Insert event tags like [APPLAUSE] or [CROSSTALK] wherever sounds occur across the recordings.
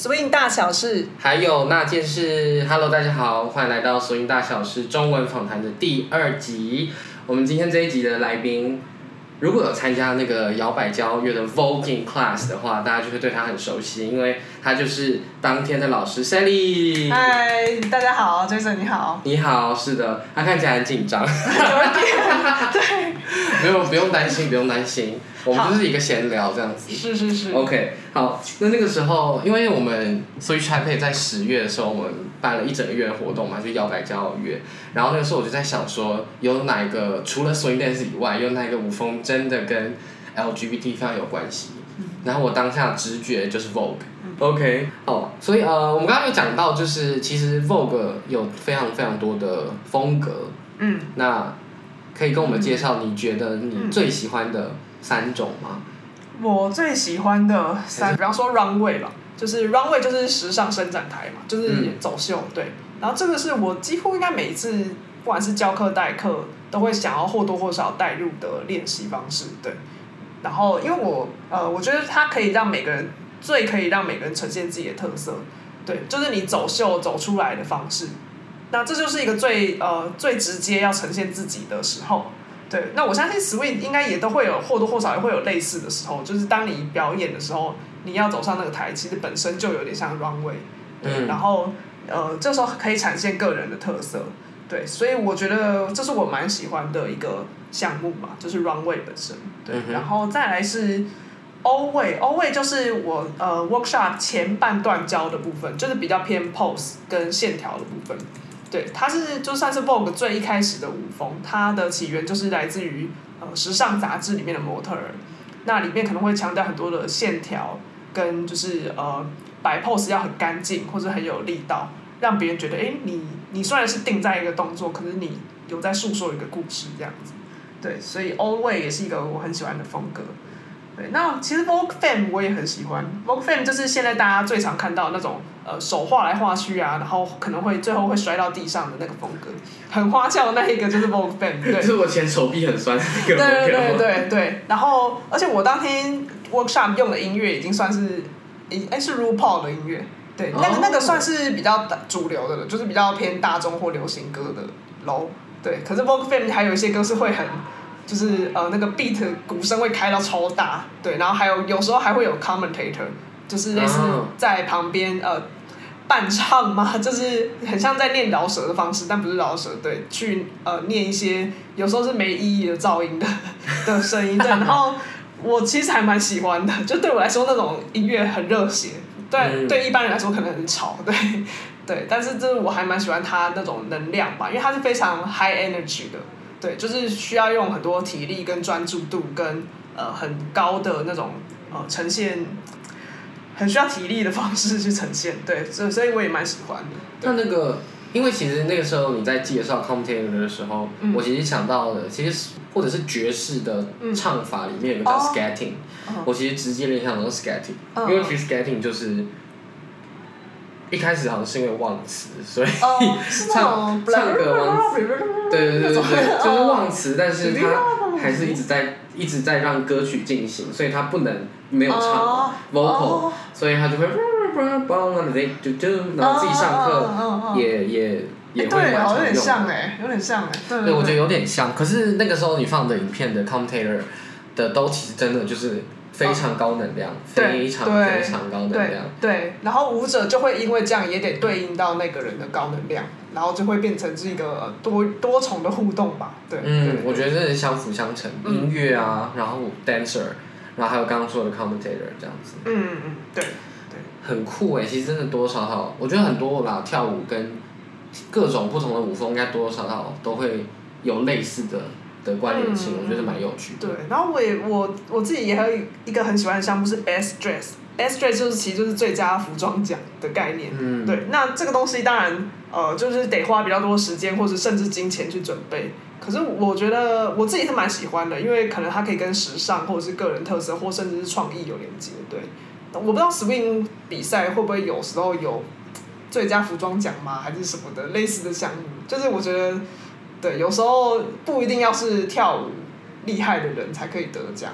Swing 大小事，還有那件事。Hello，大家好，歡迎來到 Swing 大小事中文訪談的第二集。我們今天這一集的來賓，如果有參加那個搖擺交約的 voguing class 的話，大家就會對他很熟悉，因為他就是當天的老師，Sally。嗨，大家好，Jason 你好。你好，是的，他看起來很緊張。有 [LAUGHS] 問 [LAUGHS] 對，沒有，不用擔心，不用擔心，我們就是一個閒聊好這樣子。是是是。OK，好，那那個時候，因為我們 Switch Taipei 在十月的時候，我們辦了一整個月的活動嘛，就搖擺驕傲月。然後那個時候我就在想說，有哪一個除了 Swing Dance 以外，有哪一個舞風真的跟 LGBT 非常有關係？嗯、然後我當下直覺就是 Vogue。OK，哦，所以呃，我們剛剛有講到，就是其實 Vogue 有非常非常多的風格，嗯，那可以跟我們介紹你覺得你最喜歡的三種嗎？嗯嗯、我最喜歡的三，比方說 Runway 吧，是就是 Runway 就是時尚伸展台嘛，嗯、就是走秀，對。然後這個是我幾乎應該每一次，不管是教課代課，都會想要或多或少帶入的練習方式，對。然後因為我呃，我覺得它可以讓每個人。最可以讓每個人呈現自己的特色，對，就是你走秀走出來的方式，那這就是一個最呃最直接要呈現自己的時候，對，那我相信 Swing 應該也都會有或多或少也會有類似的時候，就是當你表演的時候，你要走上那個台，其實本身就有點像 Runway，對，然後呃這時候可以展現個人的特色，對，所以我覺得這是我蠻喜歡的一個項目嘛，就是 Runway 本身，對，然後再來是。o Old Way，Old Way 就是我呃 workshop 前半段教的部分，就是比較偏 pose 跟線條的部分。對，它是就算是 Vogue 最一開始的舞風，它的起源就是來自於呃時尚雜誌裡面的模特，那裡面可能會強調很多的線條，跟就是呃擺 pose 要很乾淨，或者很有力道，讓別人覺得哎、欸、你你雖然是定在一個動作，可是你有在訴說一個故事這樣子。對，所以 Old Way 也是一個我很喜歡的風格。對，那其實 Vogue Fam 我也很喜歡。嗯、Vogue Fam 就是現在大家最常看到那種，呃，手畫來畫去啊，然後可能會最後會摔到地上的那個風格，很花俏的那一個就是 Vogue Fam。對，就是我前手臂很酸 [LAUGHS] 這個。對對對對 [LAUGHS] 對。然後，而且我當天 Workshop 用的音樂已經算是，哎、欸，是 RuPaul 的音樂。對，那個、哦、那個算是比較主流的，就是比較偏大眾或流行歌的囉。對，可是 Vogue Fam 還有一些歌是會很。就是呃那個 beat 鼓聲會開到超大，對，然後還有有時候還會有 commentator，就是類似在旁邊呃伴唱嘛，就是很像在念饒舌的方式，但不是饒舌，對，去呃念一些有時候是沒意義的噪音的的聲音，對，然後我其實還蠻喜歡的，就對我來說那種音樂很熱血，對，對一般人來說可能很吵，對對，但是這我還蠻喜歡他那種能量吧，因為他是非常 high energy 的。對，就是需要用很多體力跟專注度跟呃很高的那種呃呈現，很需要體力的方式去呈現，對，所所以我也蠻喜歡的。那那個，因為其實那個時候你在介紹 Commentator 的時候，嗯、我其實想到了，其實或者是爵士的唱法裡面有一個叫 scatting，、嗯、我其實直接聯想到 scatting，、嗯、因為其實 scatting 就是。一開始好像是因為忘詞，所以唱唱歌忘詞，對對對對對，就是忘詞，但是他還是一直在一直在讓歌曲進行，所以他不能沒有唱，vocal，所以他就會，就就然後自己上課也也也會蠻常用的像誒，有點像誒。對，我覺得有點像。可是那個時候你放的影片的 commentator 的都其實真的就是。非常高能量，嗯、非常非常高能量對對。對，然後舞者就會因為這樣也得對應到那個人的高能量，然後就會變成是一個多多重的互動吧。對，嗯，對我覺得這是相輔相成，嗯、音樂啊，然後 dancer，然後還有剛剛說的 commentator 這樣子。嗯嗯嗯，對對。很酷誒、欸，其實真的多多少少，我覺得很多吧，嗯、跳舞跟各種不同的舞風，應該多多少少都會有類似的。的關聯性，我覺得蠻有趣的、嗯。對，然後我也我我自己也還有一個很喜歡的項目是 Best Dress，Best Dress 就是其實就是最佳服裝獎的概念。嗯、對，那這個東西當然呃就是得花比較多時間或者甚至金錢去準備。可是我覺得我自己是蠻喜歡的，因為可能它可以跟時尚或者是個人特色或甚至是創意有連接。對，我不知道 Swing 比賽會不會有時候有最佳服裝獎嘛，還是什麼的類似的項目？就是我覺得。對，有時候不一定要是跳舞厲害的人才可以得獎，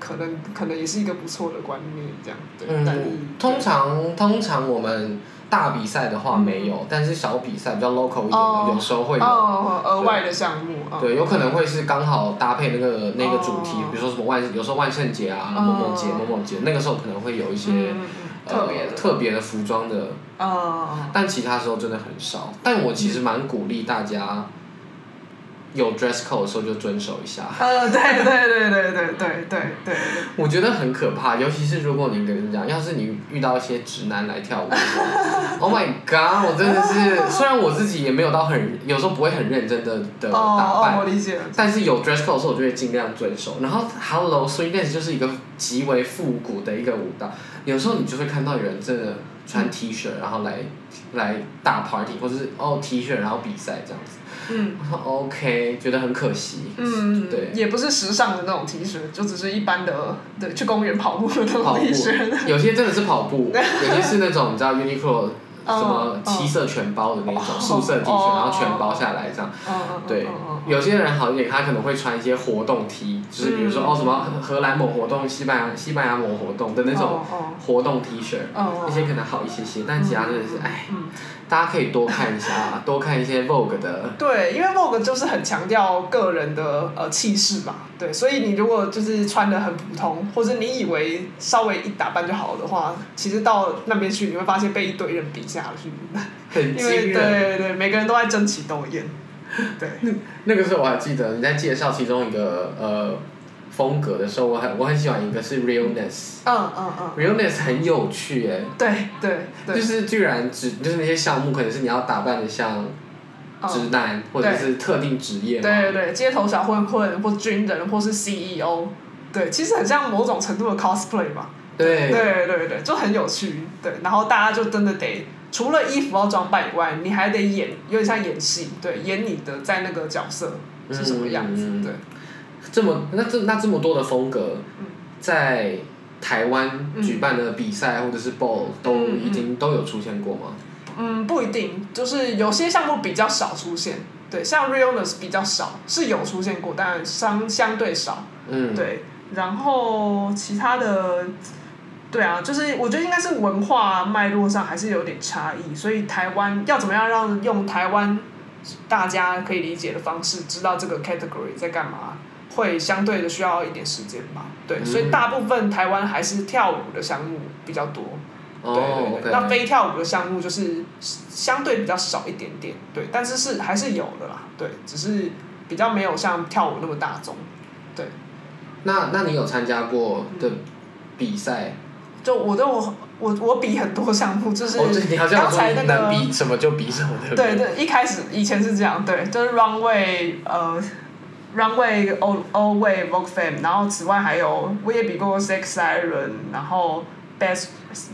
可能可能也是一個不錯的觀念，這樣對。通常通常我們大比賽的話沒有，但是小比賽比較 local 一點的，有時候會有額外的項目，對，有可能會是剛好搭配那個那個主題，比如說什麼萬有時候萬聖節啊，某某節某某節，那個時候可能會有一些特別特別的服裝的，但其他時候真的很少。但我其實蠻鼓勵大家，有 dress code 的時候就遵守一下。呃、uh,，對對對對對對對對。對對對對對我覺得很可怕，尤其是如果你跟人講，要是你遇到一些直男來跳舞的時候 [LAUGHS] ，Oh my God！我真的是，雖然我自己也沒有到很，有時候不會很認真的的打扮，我、oh, oh, 理解。但是有 dress code 的時候，我就會儘量遵守。然後，Hello Swing Dance 就是一個極為復古的一個舞蹈，有時候你就會看到有人真的。穿 T 恤然後來來大 party，或者是哦 T 恤然後比賽這樣子，我說、嗯、OK，覺得很可惜，嗯、對，也不是時尚的那種 T 恤，shirt, 就只是一般的，對，去公園跑步的那種 T 恤，有些真的是跑步， [LAUGHS] 有些是那種你知道 Uniqlo。Un 什麼七色全包的那種素色 T-shirt, 喔、然後全包下來這樣，喔、對，喔、有些人好一點，他可能會穿一些活動 T，就是比如說哦是、喔、什麼荷蘭某活動、西班牙西班牙某活動的那種活動 T 恤，那、喔、些可能好一些些，喔、但其他真的是、嗯、唉。嗯。大家可以多看一下，多看一些 vogue 的。對，因為 vogue 就是很強調個人的呃氣勢嘛，對，所以你如果就是穿得很普通，或者你以為稍微一打扮就好的話，其實到那邊去你會發現被一堆人比下去，很驚人。因為，對對，每個人都在爭奇鬥艷。對。那個時候我還記得你在介紹其中一個呃。風格的時候，我很我很喜歡一個是 realness，嗯嗯嗯，realness 很有趣哎、欸，對對對，就是居然只就是那些項目，可能是你要打扮的像直男、嗯、或者是特定職業，對對對，街頭小混混或是軍人或是 CEO，對，其實很像某種程度的 cosplay 嘛，對對對對，就很有趣，對，然後大家就真的得除了衣服要裝扮以外，你還得演，有點像演戲，對，演你的在那個角色是什麼樣子，嗯、對。這麼那這那這麼多的風格，嗯、在台灣舉辦的比賽或者是 ball、嗯、都已經都有出現過嗎？嗯，不一定，就是有些項目比較少出現，對，像 realness 比較少，是有出現過，但相相對少。嗯，對，然後其他的，對啊，就是我覺得應該是文化、啊、脈絡上還是有點差異，所以台灣要怎麼樣讓用台灣大家可以理解的方式知道這個 category 在幹嘛、啊？會相對的需要一點時間吧，對，所以大部分台灣還是跳舞的項目比較多，嗯、對對、對、哦 okay、那非跳舞的項目就是相對比較少一點點，對，但是是還是有的啦，對，只是比較沒有像跳舞那麼大眾，對。那那你有參加過的比賽、嗯？就我都我我我比很多項目，就是剛才那個、哦、你好像說你能比什麼就比什麼對不對？對對，一開始以前是這樣，對，就是 runway，呃。Runway, Old Way, Vogue Femme，然後此外還有，我也比過 Sex Siren，然後 best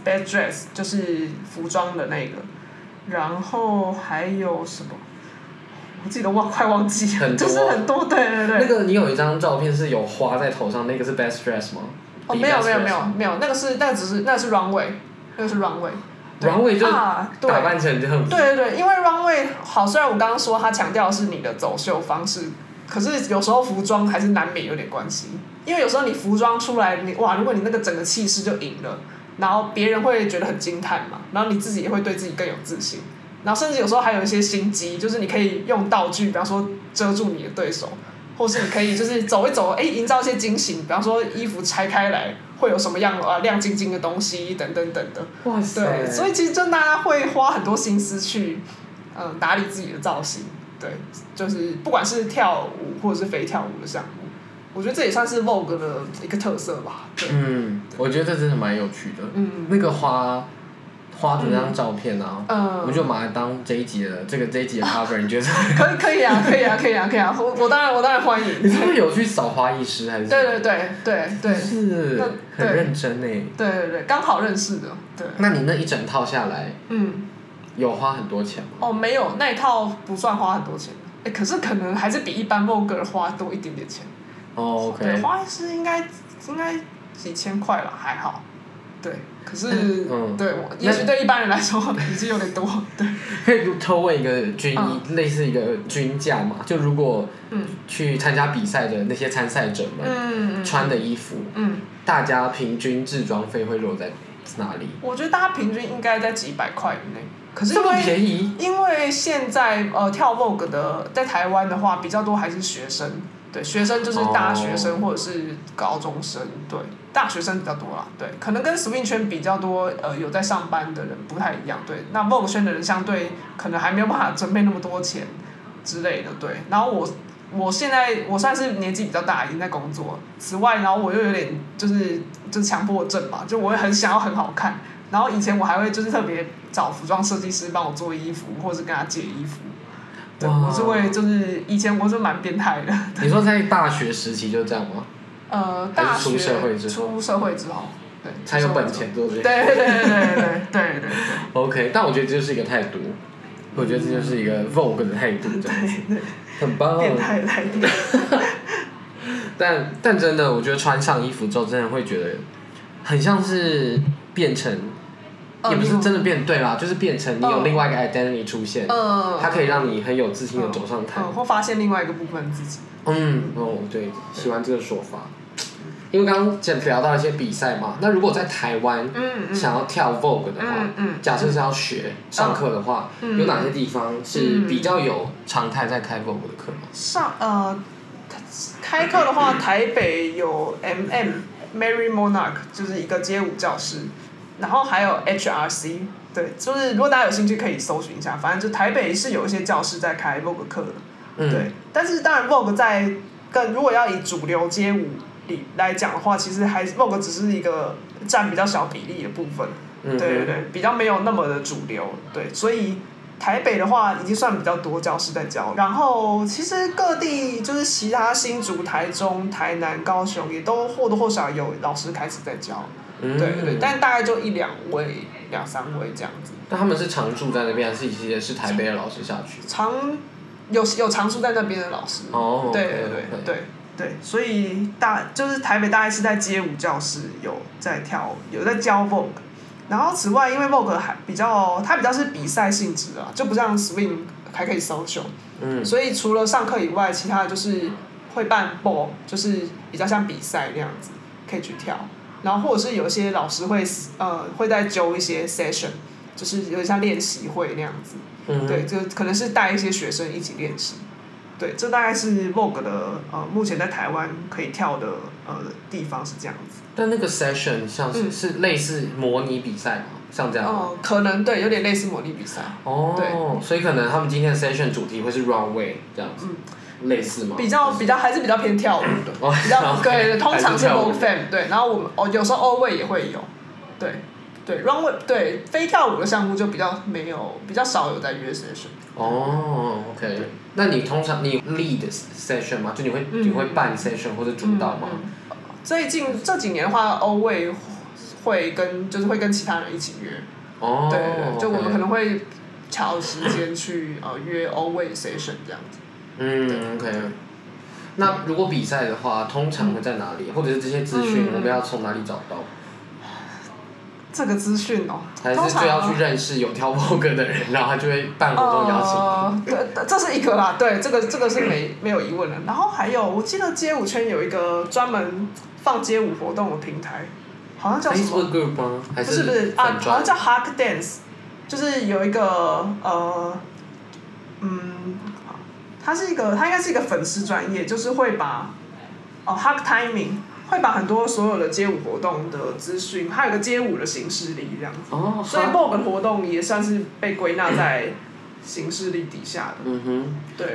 best dress 就是服裝的那個，然後還有什麼？我記得我快忘記，很多、啊、 [LAUGHS] 就是很多，對對對。那個你有一張照片是有花在頭上，那個是 best dress 嗎？哦沒有沒有沒有沒有，沒有那個是那個、只是那是 runway，那個是 runway，runway run run 就打扮成就很、啊。對對對，因為 runway 好，雖然我剛剛說它強調是你的走秀方式，可是有時候服裝還是難免有點關係，因為有時候你服裝出來，你哇，如果你那個整個氣勢就贏了，然後別人會覺得很驚嘆嘛，然後你自己也會對自己更有自信，然後甚至有時候還有一些心機，就是你可以用道具，比方說遮住你的對手，或是你可以就是走一走，哎、 [LAUGHS] 欸，營造一些驚喜，比方說衣服拆開來會有什麼樣啊，亮晶晶的東西等等等等的。哇塞！所以其實就大家會花很多心思去，嗯、呃、打理自己的造型。對，就是不管是跳舞或者是非跳舞的項目，我覺得這也算是 Vogue 的一個特色吧。嗯，我覺得這真的蠻有趣的。嗯，那個花花的那張照片，啊，嗯，我就買來當這一集的這個這一集的 cover，你覺得？可可以啊，可以啊，可以啊，可以啊！我當然我當然歡迎。你是不是有去掃花藝師？還是？對對對對對，是，很認真誒。對對對，剛好認識的。對。那你那一整套下來？嗯。有花很多錢嗎？哦，沒有，那一套不算花很多錢哎、欸，可是可能還是比一般模特花多一點點錢。哦，oh, okay. 對，花是應該應該幾千塊吧，還好。對，可是、嗯、對，嗯、也許對一般人來說已經那有點多。對。可以偷問一個軍醫，嗯、類似一個均價嘛？就如果去參加比賽的那些參賽者們、嗯嗯、穿的衣服、嗯、大家平均制裝費會落在哪裡？我覺得大家平均應該在幾百塊以內。可是因為因為現在呃跳 Vogue 的在台灣的話比較多還是學生，對學生就是大學生或者是高中生，對大學生比較多啦，對可能跟 Swing 圈比較多呃有在上班的人不太一樣，對，那 Vogue 圈的人相對可能還沒有辦法準備那麼多錢之類的對，然後我我現在我算是年紀比較大已經在工作，此外然後我又有點就是就是強迫症吧，就我也很想要很好看。然後以前我還會就是特別找服裝設計師幫我做衣服，或者跟他借衣服，我是會就是以前我是蠻變態的。你說在大學時期就這樣嗎？呃，大學出社會之後，才有本錢做這樣。對對對對對對對。OK，但我覺得這就是一個態度，我覺得這就是一個 Vogue 的態度，這樣子，很棒，變態態度。但但真的，我覺得穿上衣服之後，真的會覺得很像是變成。也不是真的變對啦，uh, 就是變成你有另外一個 identity 出現，uh, 它可以讓你很有自信的走上台，uh, uh, 或發現另外一個部分自己。嗯，哦，對，喜歡這個說法。因為剛剛聊到一些比賽嘛，那如果在台灣，想要跳 Vogue 的話，嗯嗯嗯嗯嗯、假設是要學上課的話，嗯嗯、有哪些地方是比較有常態在開 Vogue 的課嗎？上呃，開課的話，台北有 M、MM, M Mary Monarch，就是一個街舞教室。然後還有 HRC，對，就是如果大家有興趣可以搜尋一下，反正就台北是有一些教室在開 Vogue 課，對。嗯、但是當然 Vogue 在更如果要以主流街舞裡來講的話，其實還 Vogue 只是一個佔比較小比例的部分，嗯、哼對對對，比較沒有那麼的主流，對，所以。台北的話，已經算比較多教師在教。然後其實各地就是其他新竹、台中、台南、高雄，也都或多或少有老師開始在教。嗯、對對。但大概就一兩位、兩三位這樣子。那、嗯、他們是常住在那邊，還是也是台北的老師下去？常，有有常住在那邊的老師。哦。對 okay, okay 對對對，所以大就是台北大概是在街舞教室，有在跳，有在教 Vogue。然後此外，因為 Vogue 還比較，它比較是比賽性質啊，就不像 Swing 還可以 social，嗯，所以除了上課以外，其他的就是會辦 ball，就是比較像比賽那樣子可以去跳。然後或者是有些老師會呃會在揪一些 session，就是有點像練習會那樣子，嗯哼，對，就可能是帶一些學生一起練習。對，這大概是 Vogue 的呃目前在台灣可以跳的呃地方是這樣子。但那個 session 像是類似模擬比賽嗎？像這樣？哦，可能對，有點類似模擬比賽。哦，所以可能他們今天的 session 主題會是 runway 這樣子，類似嗎？比較比較還是比較偏跳舞的，比較對，通常是 Vogue Fem 對，然後我們哦有時候 Old Way 也會有，對對 runway 對非跳舞的項目就比較沒有，比較少有在約 session。哦，OK，那你通常你有 lead session 嗎？就你會你會辦 session 或者主導嗎？最近這幾年的話，Vogue 會跟就是會跟其他人一起約，oh, 對，okay. 就我們可能會調時間去呃、 [LAUGHS] 哦、約 Vogue session 這樣子。嗯，OK。那如果比賽的話，通常會在哪裡？嗯、或者是這些資訊我們要從哪裡找到？嗯這個資訊哦，通常還是最要去認識有跳 Vogue 的人，啊、然後他就會辦活動邀請你。哦、呃呃，這是一個啦，對，這個這個是沒沒有疑問的。 [COUGHS] 然後還有，我記得街舞圈有一個專門放街舞活動的平台，好像叫什麼？Facebook、Group、嗎？還是不是不是，啊、專好像叫 Hug Dance，就是有一個呃，嗯，他是一個，他應該是一個粉絲專頁，就是會把哦 Hug Timing。會把很多所有的街舞活動的資訊，還有個街舞的行事曆這樣子，所以 Vogue 的活動也算是被歸納在行事曆底下的。嗯哼，對的，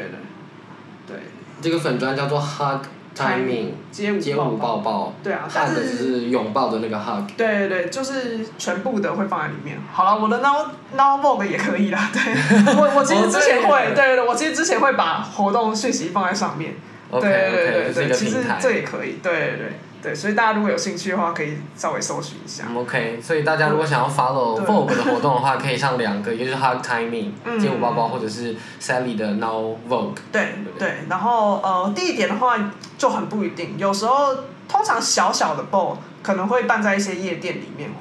對。這個粉專叫做 Hug Timing，街舞抱抱。對啊，只是擁抱的那個 Hug。對對，就是全部的會放在裡面。好了，我的 Now Now Vogue 也可以了。對，我我其實之前會，對對我其實之前會把活動訊息放在上面。對對對對對，其實這也可以。對對。對，所以大家如果有興趣的話，可以稍微搜尋一下。Um, okay. 所以大家如果想要 follow Vogue 的活動的話，可以上兩個，一個對 [LAUGHS] 是 Hard Timing 金五包包，或者是 Sally 的 Now Vogue 對。對對，然後呃，地點的話就很不一定，有時候通常小小的 ball 可能會辦在一些夜店裡面，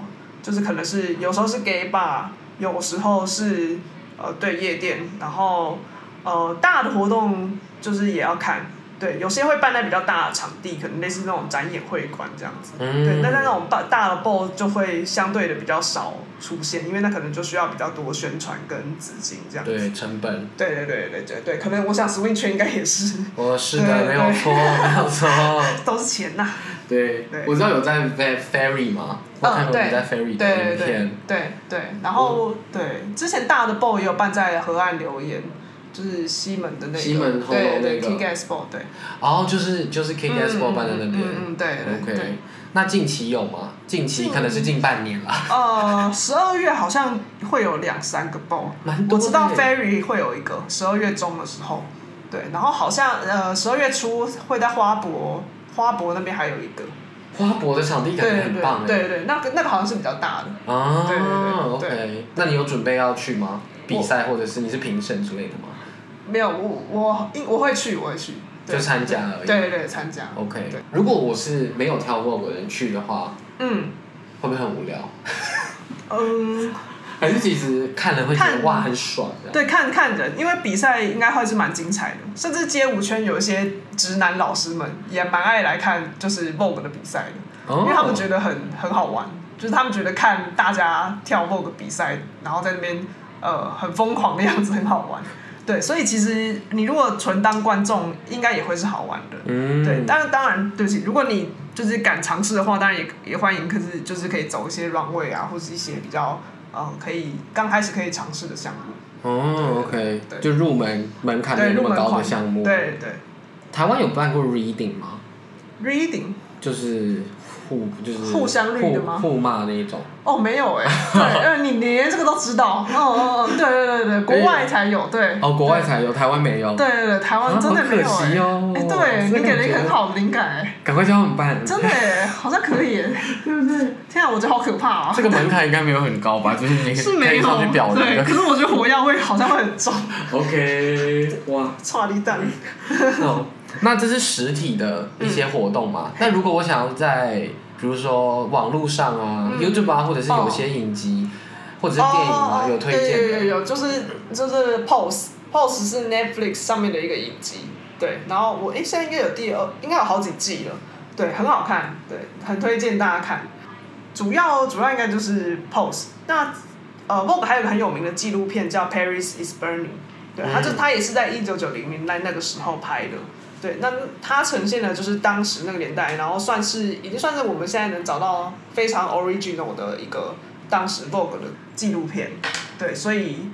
就是可能是有時候是 gay bar，有時候是呃對夜店，然後呃大的活動就是也要看。對，有些會辦在比較大的場地，可能類似那種展演會館這樣子。嗯。對，但在那種辦大的 ball 就會相對的比較少出現，因為那可能就需要比較多宣傳跟資金這樣子。對，成本。對對對對對，可能我想 swing 圈應該也是。我是的，對對沒有錯，沒有錯。 [LAUGHS] 都是錢吶、啊。對。對我知道有在 fairy 嗎、嗯、我看過在 fairy、嗯、的影片。對對，對，對，然後、嗯、對之前大的 ball 也有辦在河岸留言。是西門的那個，對對，King e x p 對。然後就是就是 k g Expo 辦在那邊，嗯對對。那近期有嗎？近期可能是近半年了。呃，十二月好像會有兩三個 ball。蠻多。我知道 Fairy 會有一個十二月中的時候，對，然後好像呃十二月初會在花博，花博那邊還有一個。花博的場地感覺很棒。對對，那個那個好像是比較大的。啊。對對對。OK，那你有準備要去嗎？比賽或者是你是評審之類的嗎？沒有，我我應我會去，我會去，就參加而已。對，對對，參加。OK，對如果我是沒有跳 Vogue 的人去的話，嗯，會不會很無聊？嗯，還是其實看了會覺得看哇很爽的。對，看看人，因為比賽應該會是蠻精彩的，甚至街舞圈有一些直男老師們也蠻愛來看，就是 Vogue 的比賽的，哦，因為他們覺得很很好玩，就是他們覺得看大家跳 Vogue 比賽，然後在那邊。呃，很瘋狂的樣子，很好玩。對，所以其實你如果純當觀眾，應該也會是好玩的。嗯。對，但是當然，對不起，如果你就是敢嘗試的話，當然也也歡迎。可是就是可以走一些 Run Way 啊，或者一些比較嗯、呃、可以剛開始可以嘗試的項目。哦，OK，就入門門檻沒那麼高的項目。對對。對台灣有辦過 Reading 嗎？Reading。就是。互就是互相綠的嗎？互罵那一種？哦，沒有哎，對，你連這個都知道，哦哦嗯，對對對對，國外才有，對，哦，國外才有，台灣沒有。對對對，台灣真的沒有哎，對你給了一個很好的靈感。哎，趕快教我們班真的哎，好像可以，對不對？天啊，我覺得好可怕啊。這個門檻應該沒有很高吧？就是每個人可以上去表演。對，可是我覺得火藥味好像會很重。OK，哇，剉咧等。那這是實體的一些活動嘛？嗯、那如果我想要在，比如說網絡上啊、嗯、，YouTube 啊，或者是有些影集，哦、或者是電影啊，哦、有推薦的。對，有有有，就是就是 Pose，Pose 是 Netflix 上面的一個影集，對。然後我哎、欸，現在應該有第二，應該有好幾季了，對，很好看，對，很推薦大家看。主要主要應該就是 Pose。那呃，Vogue 還有個很有名的紀錄片叫 Paris is Burning，對，他就他、嗯、也是在一九九零年代那個時候拍的。對，那它呈現的就是當時那個年代，然後算是已經算是我們現在能找到非常 original 的一個當時 Vogue 的紀錄片。對，所以，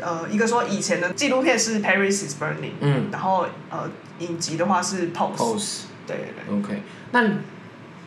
呃，一個說以前的紀錄片是 Paris is Burning，嗯，然後呃，影集的話是 Pose，Pose，對對。OK，那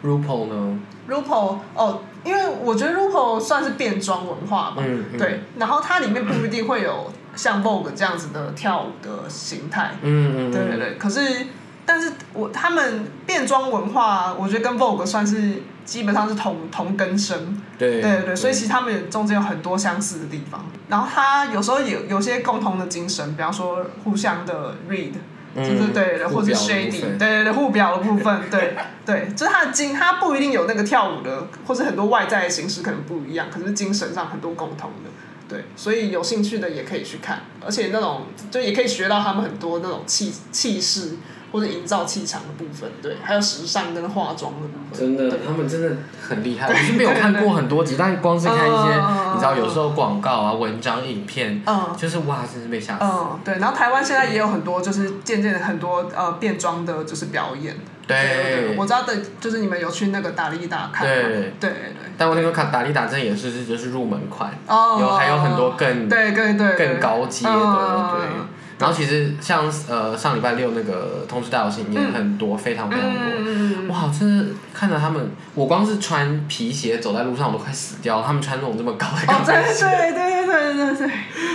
RuPaul 呢？RuPaul，哦、呃，因為我覺得 RuPaul 算是變裝文化嘛，嗯嗯、對，嗯、然後它裡面不一定會有。像 Vogue 這樣子的跳舞的形態，嗯嗯、嗯，對對對。可是，但是我他們變裝文化啊，我覺得跟 Vogue 算是基本上是同同根生，對、對對對。對，所以其實他們也中間有很多相似的地方。然後他有時候有有些共同的精神，比方說互相的 read，就是對的，嗯、或者 shady，對、對、對的互表的部分，對 [LAUGHS] 對，就是他的精，他不一定有那個跳舞的，或是很多外在的形式可能不一樣，可是精神上很多共同的。對，所以有興趣的也可以去看，而且那種就也可以學到他們很多那種氣氣勢或者營造氣場的部分，對，還有時尚跟化妝的部分。真的，對他們真的很厲害。對我是沒有看過很多集，但光是看一些，呃、你知道有時候廣告啊、文章、影片，呃、就是哇，真是被嚇死。嗯、呃，對。然後台灣現在也有很多，就是漸漸的很多對呃變裝的，就是表演。對，對，對，我知道的，就是你們有去那個達利達看嘛？對對對。對對對，但我那個看達利達這也是就是入門款，哦、有還有很多更對對對，對更高階的、哦、對。然後其實像呃上禮拜六那個通知帶我，也很多，非常非常多。哇，真是看到他們，我光是穿皮鞋走在路上我都快死掉，他們穿那種這麼高的，哦對對對對對對對。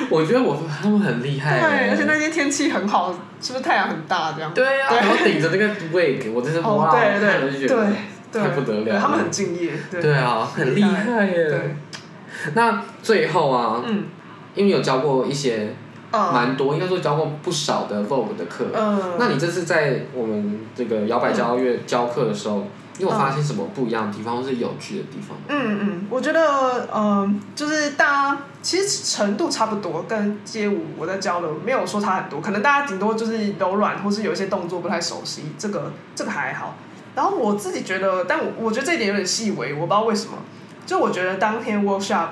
我覺得我他們很厲害，對，而且那天天氣很好，是不是太陽很大這樣？對呀。然後頂着那個 wig，我真是哇，我就覺得太不得了。他們很敬業，對啊，很厲害耶。那最後啊，因為有教過一些。蠻多，嗯、應該說教過不少的 Vogue 的課。嗯，那你這次在我們這個搖擺交樂教課、嗯、的時候，你有，有發現什麼不一樣的地方，嗯、或是有趣的地方？嗯嗯，我覺得，嗯、呃、就是大家其實程度差不多，跟街舞我在教的沒有說差很多，可能大家頂多就是柔軟或是有一些動作不太熟悉，這個這個還好。然後我自己覺得，但我覺得這一點有點細微，我不知道為什麼。就我覺得當天 workshop，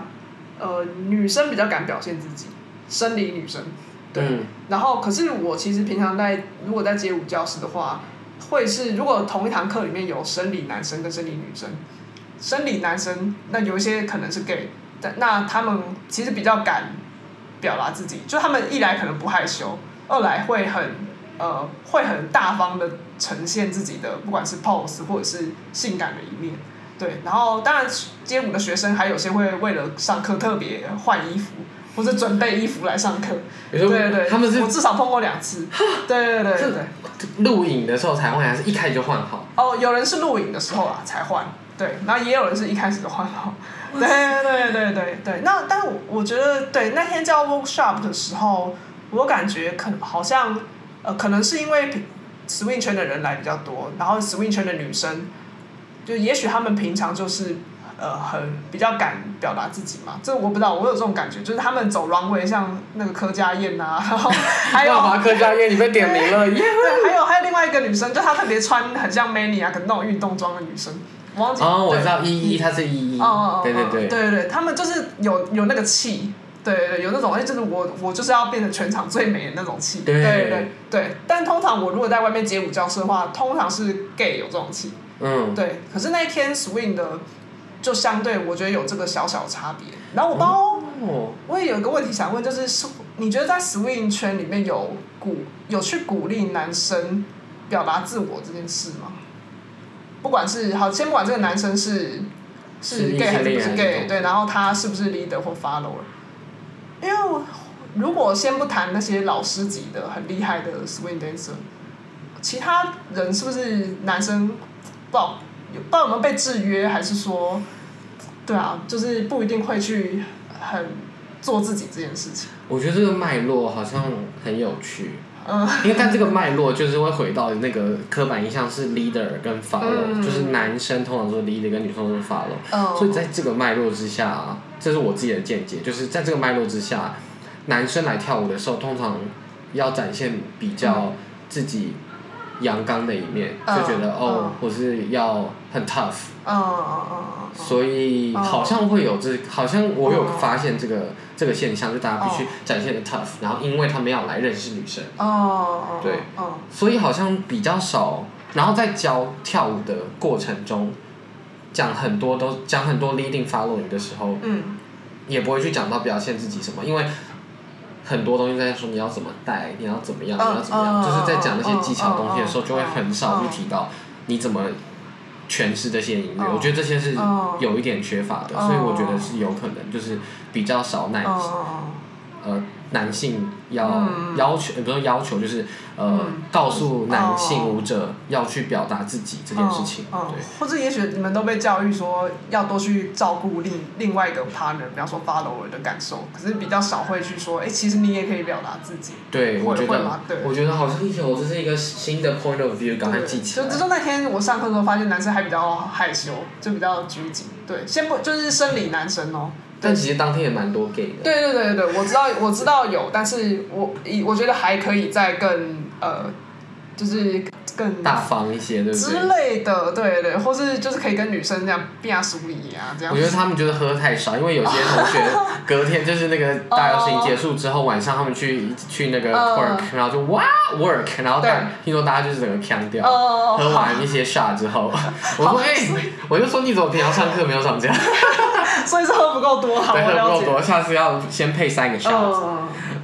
呃，女生比較敢表現自己。生理女生，對。嗯。然後，可是我其實平常在如果在街舞教室的話，會是如果同一堂課裡面有生理男生跟生理女生，生理男生那有一些可能是 gay，但那，那他們其實比較敢表達自己，就他們一來可能不害羞，二來會很呃會很大方的呈現自己的不管是 pose 或者是性感的一面，對。然後當然街舞的學生還有些會為了上課特別換衣服。我是準備衣服來上課，對對他們是。我至少碰過兩次，呵對，對，對對對，是的。錄影的時候才換，還是一開始就換好？哦，oh, 有人是錄影的時候啊才換，對，那也有人是一開始就換好，對對對對對。那但我，我覺得，對那天叫 workshop 的時候，我感覺可能好像呃，可能是因為 swing 圈的人來比較多，然後 swing 圈的女生，就也許他們平常就是。呃，很比較敢表達自己嘛，這我不知道，我有這種感覺，就是他們走 Runway，像那個柯佳嬿吶，啊，然後還有、哦、柯佳嬿，你被點名了，還有還有另外一個女生，就她特別穿很像 Many 啊，可能那種運動裝的女生，我忘記哦，對我知道對依依，她是依依，嗯嗯嗯、對對對對、對、對他們就是有有那個氣，對對、對有那種，而且就是我我就是要變成全場最美的那種氣，對、對對對、對，但通常我如果在外面街舞教室的話，通常是 Gay 有這種氣，嗯，對，可是那一天 Swing 的。就相對，我覺得有這個小小差別。然後我包，我也有一個問題想問，就是是，你覺得在 swing 圈裡面有鼓，有去鼓勵男生表達自我這件事嗎？不管是好，先不管這個男生是是 gay 還是不是 gay，對，然後他是不是 leader 或 follower？因為如果先不談那些老師級的很厲害的 swing dancer，其他人是不是男生不好？但我們被制約，還是說，對啊，就是不一定會去很做自己這件事情。我覺得這個脈絡好像很有趣，嗯、因為它這個脈絡就是會回到那個刻板印象是 leader 跟 follow、嗯、就是男生通常說 leader，跟女生做 follow、嗯、所以在這個脈絡之下，這是我自己的見解，就是在這個脈絡之下，男生來跳舞的時候，通常要展現比較自己。陽剛的一面就覺得、oh, 噢哦，我是要很 tough，所以好像會有這，好像我有發現這個 oh, oh, 這個現象，就是、大家必須展現的 tough，、oh, 然後因為他們要來認識女生，oh, oh, oh, oh, oh, 對，所以好像比較少。然後在教跳舞的過程中，講很多都講很多 leading follow 的時候，嗯，也不會去講到表現自己什麼，因為。很多東西在說你要怎麼帶，你要怎麼樣，你要怎麼樣，就是在講那些技巧東西的時候，就會很少去提到你怎麼詮釋這些音樂。我覺得這些是有一點缺乏的，所以我覺得是有可能就是比較少耐心，呃。男性要要求，嗯、不是要求，就是呃，嗯、告訴男性舞者要去表達自己這件事情，嗯嗯、對。或者也許你們都被教育說要多去照顧另另外一個 partner，比方說 follower 的感受，可是比較少會去說，哎，其實你也可以表達自己。對，嗎我覺得，對我覺得好像哦，這是一個新的 point of view，剛才記起來，就，就那天我上課的時候發現男生還比較害羞，就比較拘謹，對，先不，就是生理男生哦。但其實當天也蠻多 gay 的。對對對對，我知道我知道有， [LAUGHS] 但是我我覺得還可以再更呃，就是。大方一些，對不對？之類的，對對，或是就是可以跟女生這樣變下淑女啊，這樣。我覺得他們就是喝太少，因為有些同學隔天就是那個大遊行結束之後，晚上他們去去那個 work，然後就哇 work，然後大聽說大家就是整個趴掉，喝完一些 shot 之後，我說哎，我就說你怎麼平常上課沒有上這樣？所以是喝不夠多啊。喝不夠多，下次要先配三個 shot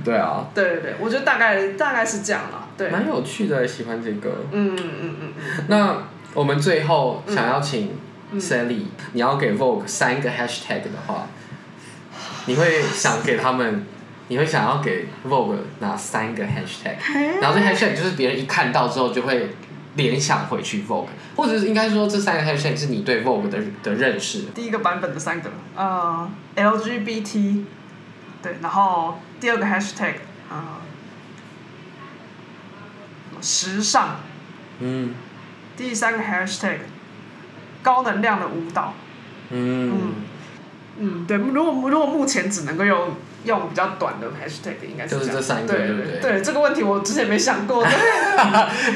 對啊，對對對，我覺得大概大概是這樣了啊，對。蠻有趣的，喜歡這個。嗯嗯嗯嗯，那我們最後想要請 Sally，、嗯嗯、你要給 Vogue 三個 Hashtag 的話，你會想給他們， [LAUGHS] 你會想要給 Vogue 哪三個 Hashtag？ [LAUGHS] 然後這 Hashtag 就是別人一看到之後就會聯想回去 Vogue，或者是應該說這三個 Hashtag 是你對 Vogue 的的認識。第一個版本的三個，呃，LGBT 對，然後第二個 hashtag，嗯，時尚。嗯。第三個 hashtag，高能量的舞蹈。嗯。嗯，嗯，對，如果如果目前只能夠用用比較短的 hashtag，應該是。就是這三個，對不對？對，這個問題，我之前沒想過。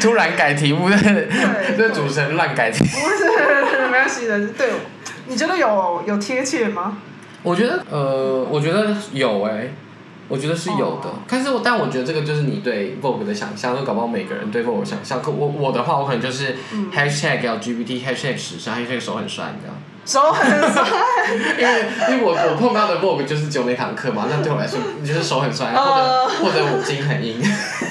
突然改題目，這主持人亂改題。不是沒關係的。對，你覺得有有貼切嗎？我覺得，呃，我覺得有哎、欸，我覺得是有的。Oh. 但是我，我但我覺得這個就是你對 Vogue 的想象，就搞不好每個人對 Vogue 想象。可我我的話，我可能就是 #Hashtag LGBT #Hashtag 時尚，H、H, 因為手很帥，你知道？手很帥。 [LAUGHS] 因為因為我我碰到的 Vogue 就是九美堂課嘛， [LAUGHS] 那對我來說，你就是手很帥、uh,，或者或者五金很硬？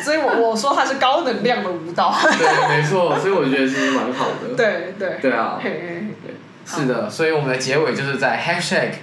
所以我我說他是高能量的舞蹈。 [LAUGHS] 對，沒錯。所以我覺得其實蠻好的。對對。對,對啊。Hey. 對是的，所以我們的結尾就是在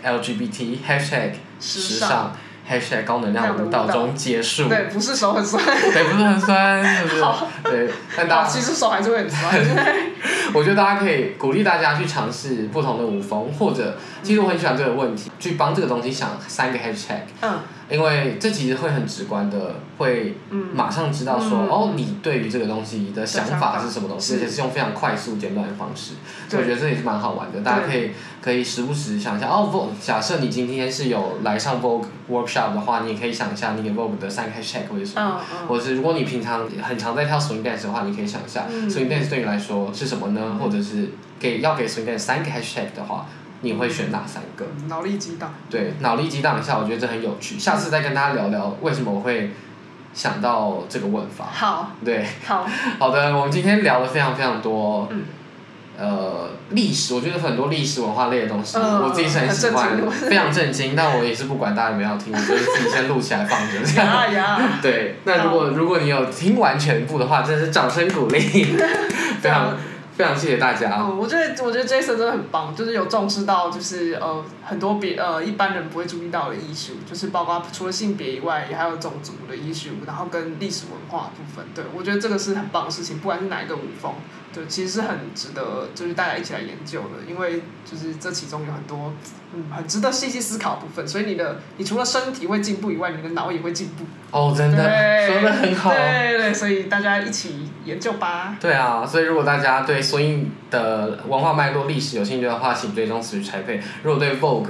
#LGBT #時尚#高能量的舞蹈中結束。對，不是手很酸。 [LAUGHS] 對，不是很酸，是不是？好對，但大家其實手還是會很酸。 [LAUGHS] 我覺得大家可以鼓勵大家去嘗試不同的舞風，或者其實我很喜歡這個問題，去幫這個東西想三個 #hashtag。嗯。因為這其實會很直觀的，會馬上知道說、嗯嗯、哦，你對於這個東西的想法是什麼東西，是而且是用非常快速簡短的方式，對所以我覺得這也是蠻好玩的。對大家可以可以時不時想一下哦，Vogue, 假設你今天是有來上 vogue workshop 的話，你也可以想一下你給 vogue 的三個 hash tag 是什麼，哦哦、或者是如果你平常很常在跳 swing dance 的話，你可以想一下、嗯、swing dance 對你來說是什麼呢？嗯、或者是給要給 swing dance 三個 hash tag 的話。你會選哪三個？腦力激盪。對，腦力激盪一下，我覺得這很有趣。下次再跟大家聊聊為什麼我會想到這個問法。好。對。好。好的，我們今天聊了非常非常多。嗯。呃，歷史，我覺得很多歷史文化類的東西，我自己是很喜歡，非常震驚。但我也是不管大家有沒有聽，就是自己先錄起來放着。這樣對，那如果如果你有聽完全部的話，真是掌聲鼓勵，非常。非常謝謝大家。嗯，我覺得我覺得 Jason 真的很棒，就是有重視到就是，呃，很多別，呃，一般人不會注意到的 issue，就是包括除了性別以外，也還有種族的 issue，然後跟歷史文化部分。對，我覺得這個是很棒的事情，不管是哪一個舞風，對，其實是很值得就是大家一起來研究的，因為就是這其中有很多。嗯，很值得細細思考的部分，所以你的，你除了身體會進步以外，你的腦也會進步。哦，真的，對說得很好。對對,對所以大家一起研究吧。對啊，所以如果大家對 Swing 的文化脈絡、歷史有興趣的話，請追蹤 Switch Taipei；如果對 Vogue，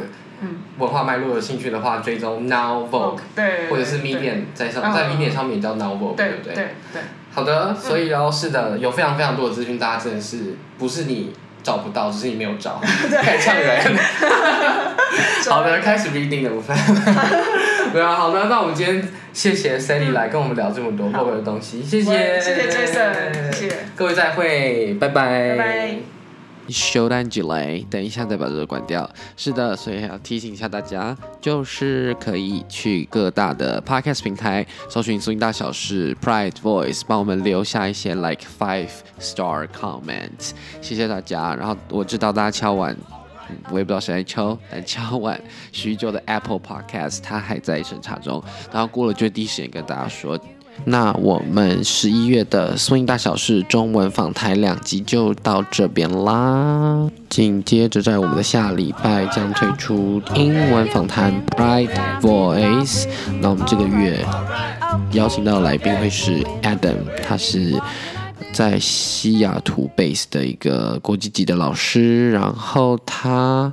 文化脈絡有興趣的話，嗯、追蹤 Now Vogue，對，或者是 medium 在上，在 medium 上面也叫 Now Vogue，對對對。對對對好的，所以然後、嗯、是的，有非常非常多的資訊，大家真的是不是你。找不到，只是你沒有找。始嗆 [LAUGHS] 對 人。 [LAUGHS] 好的，開始 reading 的部分。 [LAUGHS] 對啊，好的，那我們今天謝謝 Sally 來跟我們聊這麼多寶貴的東西，好謝謝，謝謝 Jason，謝謝，各位再會，拜拜。拜拜。休蛋積累，delay, 等一下再把這個關掉。是的，所以還要提醒一下大家，就是可以去各大的 podcast 平台搜尋 Swing 大小事 Pride Voice，幫我們留下一些 like five star comment，謝謝大家。然後我知道大家敲碗，我也不知道誰在敲，但敲碗許久的 Apple podcast 它還在審查中。然後過了就第一時間，跟大家說。那我們十一月的《Swing 大小事》中文訪談兩集就到這邊啦。緊接着在我們的下禮拜將推出英文訪談《PrideVoice》。那我們這個月邀請到的來賓會是 Adam，他是在西雅圖 base 的一個國際級的老師，然後他，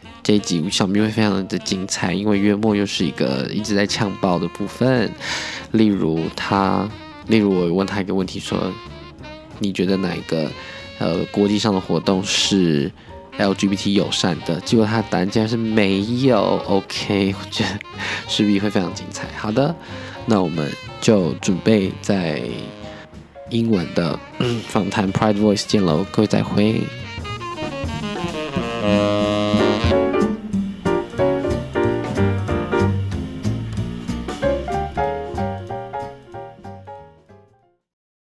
這一集小咪會非常的精彩，因為月末又是一個一直在嗆爆的部分。例如他，例如我問他一個問題說，你覺得哪一個呃國際上的活動是 LGBT 友善的？結果他的答案竟然是沒有。OK，我覺得勢必會非常精彩。好的，那我們就準備在英文的、嗯、訪談《Pride Voice》見嘍，各位再會。嗯